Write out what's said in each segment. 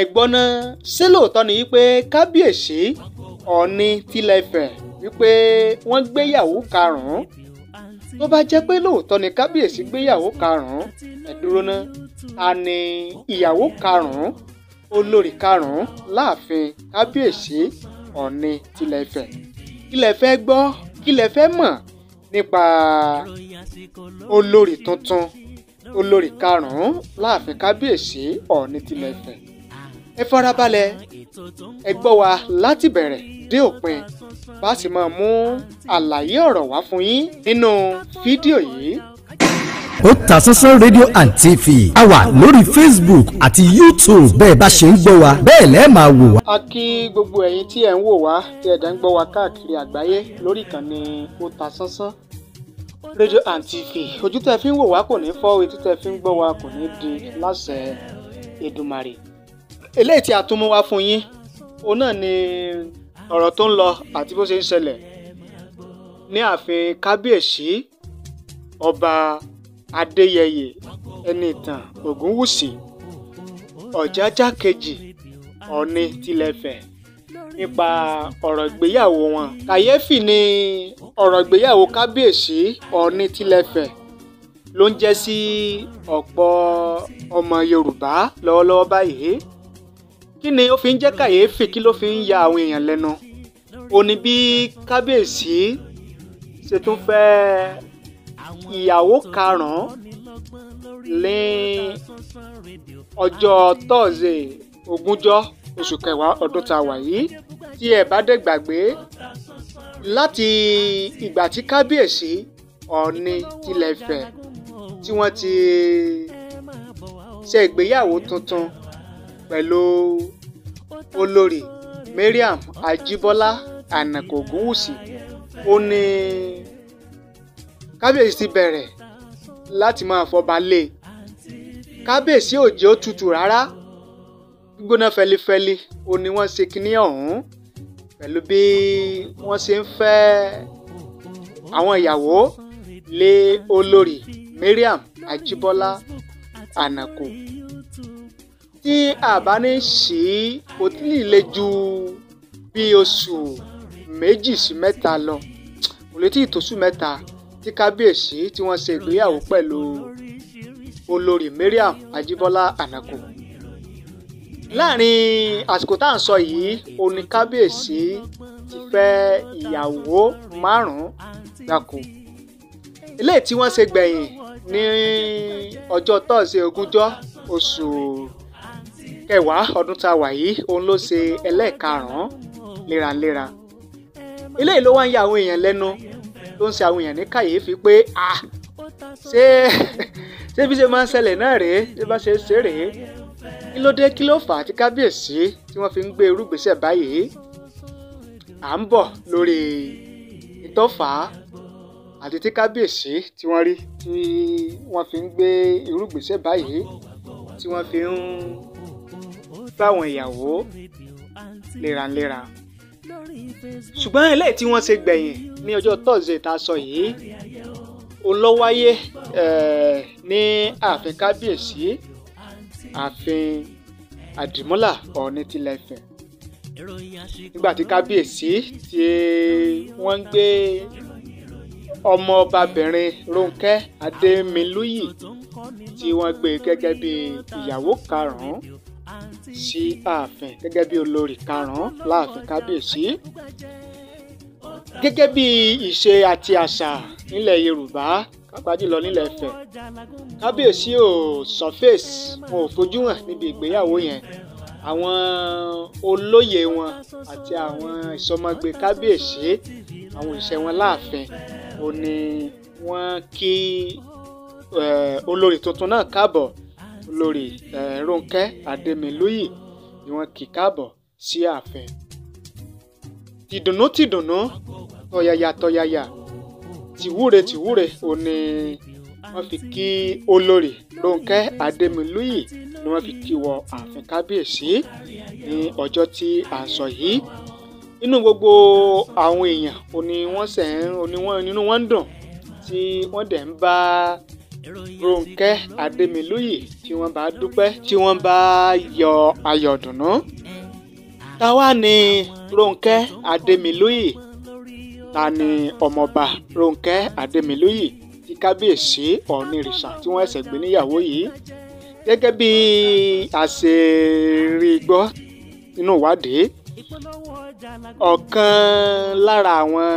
ẹ̀gbọ́n náà ṣé lóòótọ́ ni wípé kábíyèsí ọ̀ọ́ni tilẹ̀ Ifẹ̀ wípé wọ́n gbéyàwó karùn-ún tó bá jẹ́ pé lóòótọ́ ni kábíyèsí gbéyàwó karùn-ún ẹ̀ dúró ná a ní ìyàwó karùn-ún olórí karùn-ún láàfin kábíyèsí ọ̀ọ́ni tilẹ̀ Ifẹ̀ kí lẹ fẹ́ gbọ́ kí lẹ fẹ́ mọ̀ nípa olórí tuntun olórí karùn-ún láàfin kábíyèsí ọ̀ọ́ni tilẹ̀ ẹ farabalẹ̀ ẹ gbọ́ wa láti bẹ̀rẹ̀ dé òpin bá a sì máa mú àlàyé ọ̀rọ̀ wá fún yín nínú fídíò yìí Otasansan rédíò and tv a wà lórí facebook àti youtube bẹ́ẹ̀ bá ṣe ń gbọ́ wa bẹ́ẹ̀ lẹ́ẹ̀ máa wò wá. a kí gbogbo ẹ̀yin tí ẹ̀ ń wò wá tí ẹ̀dá ń gbọ́ wa káàkiri àgbáyé lórí ìkànnì Otasansan rédíò and tv ojú tẹ́ fi ń wò wá kò ní fọ́ etí tẹ́ fi ń gbọ́ wa kò ní di láṣẹ Èdùmàrè eléyìí tí a tún mú wá fún yín òun náà ni ọ̀rọ̀ tó ń lọ àti bó ṣe ń ṣẹlẹ̀ ní ààfin kábíyèsí ọba adéyẹyè ẹni ìtàn ògúnwùsì ọ̀jájá kejì ọ̀ni tilẹ̀fẹ̀ nípa ọ̀rọ̀ ìgbéyàwó wọn. kàyéfì ni ọ̀rọ̀ ìgbéyàwó kábíyèsí ọ̀ni tilẹ̀fẹ̀ ló ń jẹ́ sí ọ̀pọ̀ ọmọ yorùbá lọ́wọ́lọ́wọ́ báyìí kí ni ó fi ń jẹ́ kàyéfì kí ló fi ń ya àwọn èèyàn lẹ́nu ó ní bí kábíyèsí ṣe tún fẹ́ ìyàwó karùn-ún ní ọjọ́ tọ́sídẹ̀ẹ́ ogúnjọ́ oṣù kẹwàá ọdún tá a wà yìí tí ẹ bá dẹ̀ gbàgbé láti ìgbà tí kábíyèsí ọ̀ọ́ni tilẹ̀ fẹ̀ tí wọ́n ti ṣe ìgbéyàwó tuntun pẹ̀lú olórí Mariam Ajibola, Ànàkó Ògúnwùsì ó ní kábíyèsí ti bẹ̀rẹ̀ láti máa fọba lé e. kábíyèsí ò jẹ́ ó tutù rárá gbígbóná fẹlifẹli ó ní wọ́n ṣe kinní ọ̀hún pẹ̀lú bí wọ́n ṣe ń fẹ́ àwọn ìyàwó lé olórí Mariam Ajíbọ́lá Ànàkó tí àbá ní ṣí kò tí ì le ju bí oṣù méjì sí mẹ́ta lọ kò lè tí ì tóṣù mẹ́ta tí kábíyèsí tí wọ́n ṣe ìgbéyàwó pẹ̀lú olórí Mariam Ajíbọ́lá Ànàkù láàrin àsìkò tá à ń sọ yìí oní kábíyèsí ti fẹ́ ìyàwó márùn-ún gbáko eléyìí tí wọ́n ṣe gbẹ̀yìn ní ọjọ́ tọ́sí ogúnjọ́ oṣù kẹwàá ọdún tá a wà yìí òun ló ṣe ẹlẹ́ẹ̀karùn-ún léraléra eléyìí ló wá ń ya àwọn èèyàn lẹ́nu tó ń ṣe àwọn èèyàn ní kàyéfì pé à ṣé ṣé bí ṣe máa ń ṣẹlẹ̀ náà rèé ṣé bá ṣe ṣe rèé kí ló dé kí ló fà á tí kábíyèsí tí wọ́n fi ń gbé irúgbésẹ̀ báyìí à ń bọ̀ lórí ìtọ́fà àti tí kábíyèsí tí wọ́n rí tí wọ́n fi ń gbé irúgbésẹ̀ báyìí tí wọ́n fi ń fáwọn ìyàwó léraléra ṣùgbọ́n eléyìí tí wọ́n ṣe gbẹ̀yìn ní ọjọ́ Thursday tá a sọ yìí olówáyé ní ààfin kábíyèsí ààfin àdìmúlà ọ̀ọ́ni tilẹ̀ Ifẹ̀ nígbà tí kábíyèsí tí wọ́n ń gbé ọmọ ọbabìnrin Rónkẹ́ Adémilúyì tí wọ́n gbé gẹ́gẹ́ bí ìyàwó karùn-ún sí ààfin gẹ́gẹ́ bí olórí karùn-ún láàfin kábíyèsí gẹ́gẹ́ bí ìṣe àti àṣà nílẹ̀ yorùbá pàápàá jùlọ nílẹ̀ Ifẹ̀ kábíyèsí ò sọfẹ́sì wọn ò fojú hàn níbi ìgbéyàwó yẹn àwọn olóyè wọn àti àwọn ìsọmọgbé kábíyèsí àwọn òṣìṣẹ́ wọn láàfin ò ní wọ́n kí olórí tuntun náà káàbọ̀ olórí Rónkẹ́ Adémilúyì ni wọ́n kì káàbọ̀ sí ààfin. tìdùnnú tìdùnnú tọ̀yàyà tọ̀yàyà tìwúre tìwúre ò ní wọ́n fi kí olórí Rónkẹ́ Adémilúyì ni wọ́n fi kí wọ ààfin kábíyèsí ní ọjọ́ tí à ń sọ yìí inú gbogbo àwọn èèyàn òní wọ́n sẹ̀ ń òní wọ́n inú wọn ń dùn tí wọ́n dẹ̀ ń bá Rónkẹ́ Adémilóyè tí wọ́n bá dúpẹ́ tí wọ́n bá yọ ayọ̀ dùnú. Táwa ni Rónkẹ́ Adémilóyè ta ni ọmọọba Rónkẹ́ Adémilóyè ti kábíyèsí ọ̀nìrìṣà tí wọ́n ẹ̀sẹ̀ gbé níyàwó yìí gẹ́gẹ́ bí a ṣe rí gbọ́ nínú ìwádìí ọ̀kan lára àwọn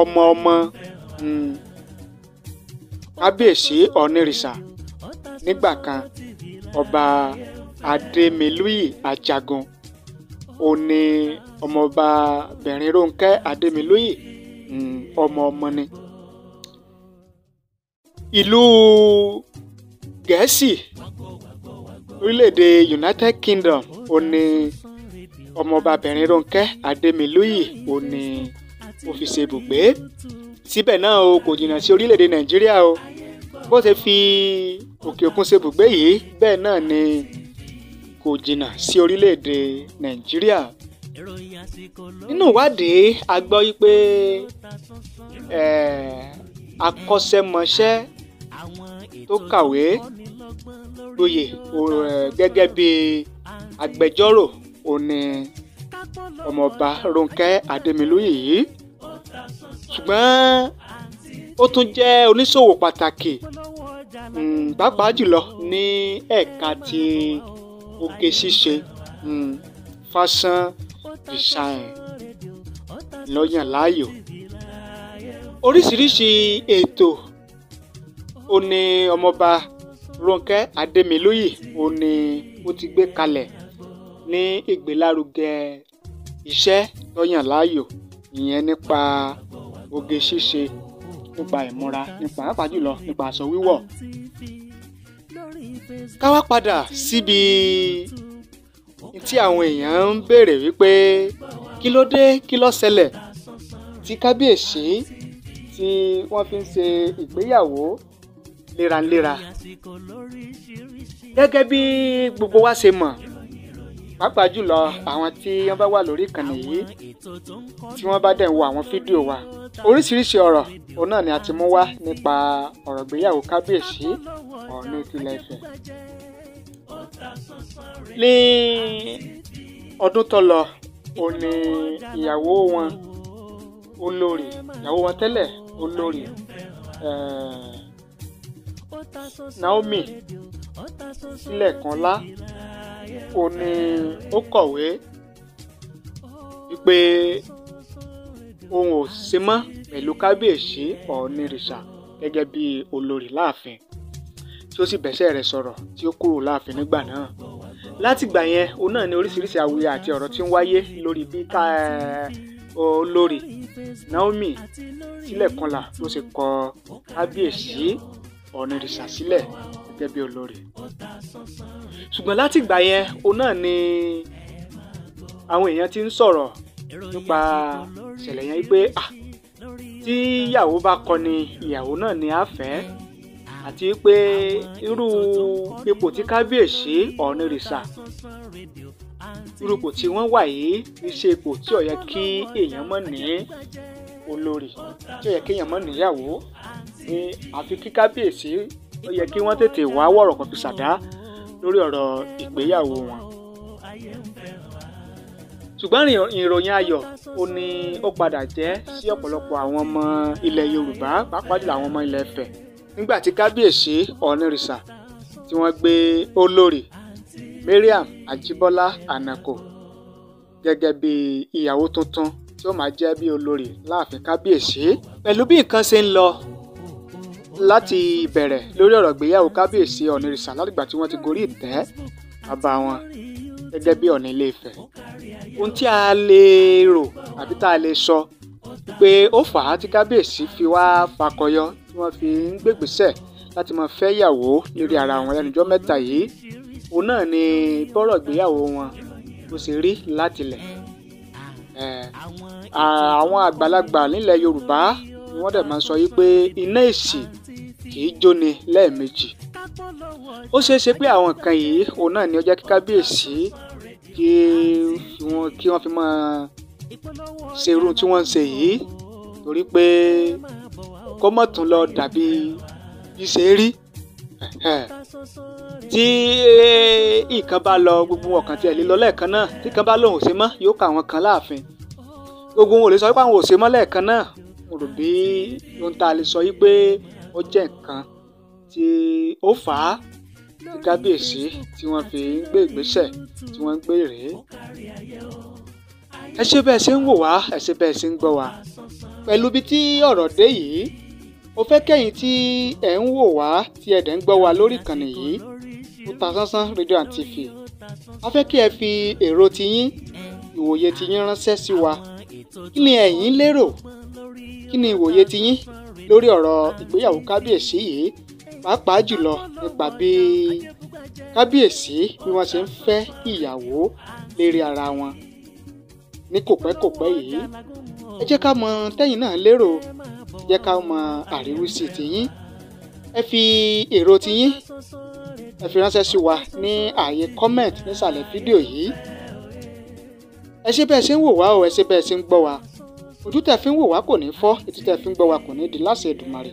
ọmọ ọmọ hmm, kábíyèsí ọ̀nìrìṣà nígbà kan ọba adémilúyì ajagun ó ní ọmọọba bẹ̀rin rónkẹ́ adémilúyì mm, ọmọ ọmọ ni. ìlú gẹ̀ẹ́sì orílẹ̀-èdè united kingdom ó ní ọmọọba bẹ̀rin rónkẹ́ adémilúyì ó ní ó ibùgbé síbẹ̀ náà o kò jìnnà sí orílẹ̀-èdè nàìjíríà o bó ṣe fi òkè òkun ṣe bùgbé yìí bẹ́ẹ̀ náà ni kò jìnnà sí orílẹ̀-èdè nàìjíríà nínú ìwádìí a gbọ́ wípé akọ́ṣẹ́mọṣẹ́ tó kàwé gboyè gẹ́gẹ́ bí agbẹjọ́rò òní ọmọọba Rónkẹ́ Adémilúyì yìí ṣùgbọ́n ó tún jẹ́ oníṣòwò pàtàkì hmm, pàápàá jùlọ ní ẹ̀ka ti oge ṣíṣe hmm, fashion design lọ́yàn láàyò oríṣiríṣi ètò ó ní ọmọọba Rónkẹ́ Adémilóyè ó ní ó ti gbé kalẹ̀ ní ìgbélárugẹ iṣẹ́ lọ́yàn láàyò ìyẹn nípa oge ṣíṣe nípa ìmúra nípa pàápàá jùlọ nípa aṣọ wíwọ̀ ká wá padà síbi tí àwọn èèyàn ń béèrè wípé kí ló dé kí ló ṣẹlẹ̀ tí kábíyèsí tí wọ́n fi ń ṣe ìgbéyàwó léraléra gẹ́gẹ́ bí gbogbo wa ṣe mọ̀ pàápàá jùlọ àwọn tí wọ́n bá wà lórí ìkànnì yìí tí wọ́n bá dẹ̀ ń wo àwọn fídíò wa oríṣiríṣi ọ̀rọ̀ òun náà ni a ti mú wá nípa ọ̀rọ̀ ìgbéyàwó kábíyèsí ọ̀ọ́nù ìpínlẹ̀ Ifẹ̀. ní ọdún tó lọ ó ìyàwó wọn olórí ìyàwó wọn tẹ́lẹ̀ olórí eh, Naomi sílẹ̀kànlá ó ní ó kọ̀wé wípé òun ò ṣe mọ́ pẹ̀lú kábíyèsí ọ̀ọ́nìrìṣà gẹ́gẹ́ bí olórí láàfin tí ó sì bẹ́sẹ̀ rẹ̀ sọ̀rọ̀ tí ó kúrò láàfin nígbà náà látìgbà yẹn òun náà ni oríṣiríṣi àwuyẹ àti ọ̀rọ̀ tí ń wáyé lórí bí ká olórí Naomi sílẹ̀ kanlà ló ṣe kọ kábíyèsí ọ̀ọ́nìrìṣà sílẹ̀ gẹ́gẹ́ bí olórí ṣùgbọ́n láti ìgbà yẹn òun náà ni àwọn èèyàn ti ń sọ̀rọ̀ nípa ìṣẹ̀lẹ̀ yẹn pé ah tí ìyàwó bá kọni ìyàwó náà ni a fẹ́ àti pé irú ipò tí kábíyèsí ọ̀nìrìṣà irú ipò tí wọ́n wà yìí ní ṣe ipò tí ó kí èèyàn mọ̀ ní olórí tí ó kí èèyàn mọ̀ níyàwó ni àfi kí kábíyèsí ó yẹ kí wọ́n tètè wá wọ̀rọ̀ kan fi ṣàdá lórí ọ̀rọ̀ ìgbéyàwó wọn. ṣùgbọ́n ìròyìn ayọ̀ ó ní ó padà jẹ́ sí ọ̀pọ̀lọpọ̀ àwọn ọmọ ilẹ̀ Yorùbá pàápàá jùlọ àwọn ọmọ ilẹ̀ Ifẹ̀ nígbà tí kábíyèsí Ọ̀nìrìṣà tí wọ́n gbé olórí Mariam Ajibola Anako gẹ́gẹ́ bí ìyàwó tuntun tí ó máa jẹ́ bí olórí láàfin kábíyèsí pẹ̀lú bí nǹkan ṣe ń lọ láti ìbẹ̀rẹ̀ lórí ọ̀rọ̀ ìgbéyàwó kábíyèsí ọ̀nìrìsà látìgbà tí wọ́n ti gorí ìtẹ́ bàbá wọn gẹ́gẹ́ bí ọ̀nà ilé Ifẹ̀. ohun tí a lè rò àbí tá a lè sọ pé ó fà á tí kábíyèsí fi wá fakọyọ tí wọ́n fi ń gbègbèsẹ̀ láti máa fẹ́ yàwó lórí ara wọn lẹ́nujọ́ mẹ́ta yìí òun náà ni bọ́rọ̀ ìgbéyàwó wọn bó ṣe rí látilẹ̀. àwọn àgbàlagbà nílẹ̀ Yorùbá ni wọ́n dẹ̀ máa ń sọ yìí pé iná èsì kì í jóni lẹ́ẹ̀mejì ó ṣeé ṣe pé àwọn nǹkan yìí òun náà ni ó jẹ́ kí kábíyèsí kí wọ́n kí wọ́n fi máa ṣe irú tí wọ́n ń ṣe yìí torí pé kó mọ̀ tún lọ dàbí bí ṣe rí tí ìkan eh, bá lọ gbogbo ọ̀kan tí ẹ̀ lè lọ lẹ́ẹ̀kan náà tí kan bá lòun ò ṣe mọ́ yóò kà wọ́n kan láàfin gbogbo wọn ò lè sọ wípé àwọn ò ṣe mọ́ lẹ́ẹ̀kan náà mo rò bí ohun tá a lè sọ yìí pé ó jẹ́ nǹkan tí ó fà á tí kábíyèsí tí wọ́n fi ń gbé ìgbésẹ̀ tí wọ́n ń gbé rèé. ẹ ṣe bẹ́ẹ̀ ṣe ń wò wá ẹ ṣe bẹ́ẹ̀ ṣe ń gbọ́ wá pẹ̀lú bí tí ọ̀rọ̀ dé yìí mo fẹ́ kẹ́yìn tí ẹ̀ ń wò wá tí ẹ̀ dẹ̀ ń gbọ́ wá lórí ìkànnì yìí Otasansan rédíò and tv a fẹ́ kí ẹ fi èrò tiyín ìwòye tiyín ránṣẹ́ sí wa kí ni ẹ̀yin lérò kí ni ìwòye tiyín lórí ọ̀rọ̀ ìgbéyàwó kábíyèsí yìí pàápàá jùlọ nípa bí kábíyèsí bí wọ́n ṣe ń fẹ́ ìyàwó lérí ara wọn ní kòpẹ́kòpẹ́ yìí ẹ jẹ́ ká mọ tẹ́yìn náà lérò jẹ́ ká mọ àríwísí tiyín ẹ fi èrò tiyín ẹ fi ránṣẹ́ sí wa ní ààyè comment nísàlẹ̀ fídíò yìí ẹ ṣe bẹ́ẹ̀ ṣe ń wò wá o ẹ ṣe bẹ́ẹ̀ ṣe ń gbọ́ wa ojú tẹ́ fi ń wò wá kò ní fọ́ etí tẹ́ fi ń gbọ́ wá kò ní di láṣẹ Èdùmàrè